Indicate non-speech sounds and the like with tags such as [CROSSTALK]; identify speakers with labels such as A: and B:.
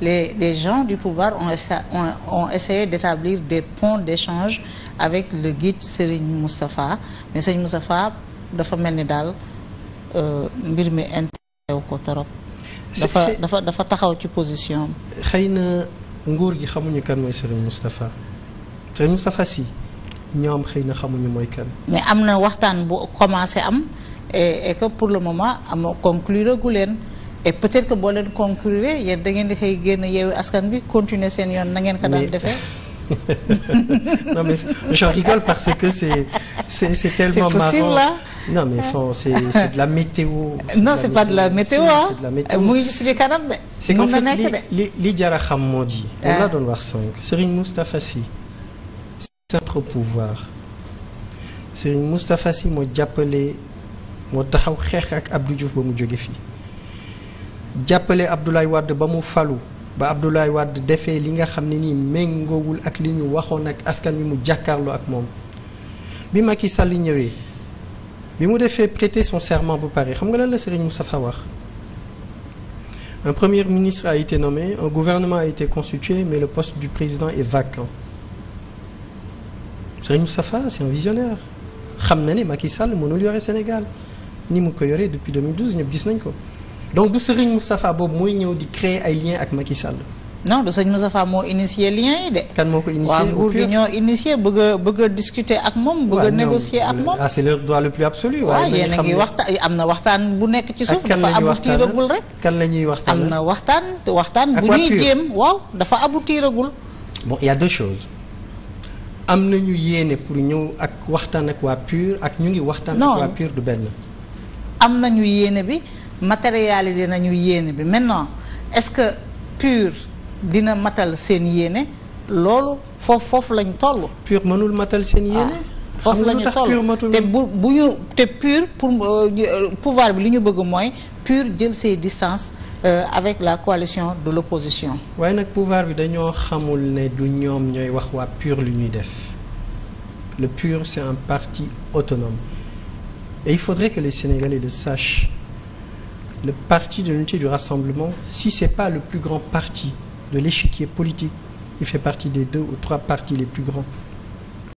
A: les, les gens du pouvoir on essa on ont essayé d'établir des ponts d'échange avec le guide Serigne Moustapha mais Serigne Moustapha dafa mel ni daal euh, mbir mi intéressé ko trop. dafa dafa dafa taxaw ci
B: position xëy na nguur gi xamuñu kan mooy Serigne Moustapha Serigne Moustapha si ñoom xëy na xamuñu mooy kan.
A: mais am na waxtaan bu commencé am e et que pour le moment am conclure gu leen. et peut-être que boo leen conclure yéen da ngeen di xëy génn yeewu askan bi continuer seen yoon na ngeen defee. [LAUGHS]
B: non mais j'en rigole parce que c'est c'est c'est tellement marrant. mais de la météo. non c'est pas de la météo mu ngi suñu
A: kanam de. c'est qu'en fait
B: li li jar a xam moo ji. doon wax sànq Serigne Moustapha Sy. centre pouvoir Serigne moo jàppale moo taxaw xeex ak Abdou Diouf ba mu jóge fii. jàppale Abdoulaye Wade ba mu falu ba Abdoulaye Wade defee li nga xam ne nii méngoowul ak li ñu waxoon ak askan wi mu jàkkaarloo ak moom bi Macky Sall ñëwee bi mu defee prêter son serment bu pare xam nga lan la Serigne Moustapha wax un premier ministre a été nommé un gouvernement a été constitué mais le poste du président est vacant Serigne Moustapha c'est un visionnaire xam na ne Macky Sall mënul yore Sénégal ni mu ko yoree depuis 2012 ñëpp gis nañ ko. donc du Serigne Moustapha boobu mooy ñëw di créer ay liens ak Macky Sall.
A: non du sëñ Moustapha moo initié lien yi de. kan moo ko initié waaw ñoo initié bëgg bëgg a discuter ak moom. bëgg a négocier ak moom
B: ah c'est leur droit le plus absolu. waxtaan
A: am na waxtaan bu nekk ci suuf. dafa aboutiragul rek
B: kan la ñuy waxtaan am na
A: waxtaan waxtaan bu ñuy jéem waaw
B: dafa aboutiragul. bon il y am nañu yéene pour ñëw ak waxtaan ak waa PUR ak ñu ngi waxtaan. ak waa PUR du benn.
A: am nañu yéene bi. matérialisé nañu yéene bi maintenant est-ce que PUR dina matal seen yéene loolu foofu foofu lañ toll. PUR mënul matal seen ah, yéene. foofu la ñu toll te bu bu ñu te PUR pour euh, euh, pouvoir bi li ñu bëgg mooy PUR jël ses distances euh, avec la coalition de l'opposition.
B: waaye nag pouvoir bi dañoo xamul ne du ñoom ñooy wax waa PUR lu ñuy def le PUR c'est un parti autonome et il faudrait que les Sénégalais le sachent. le parti de l'unité du rassemblement, si ce n'est pas le plus grand parti de l'échiquier politique, il fait partie des deux ou trois partis les plus grands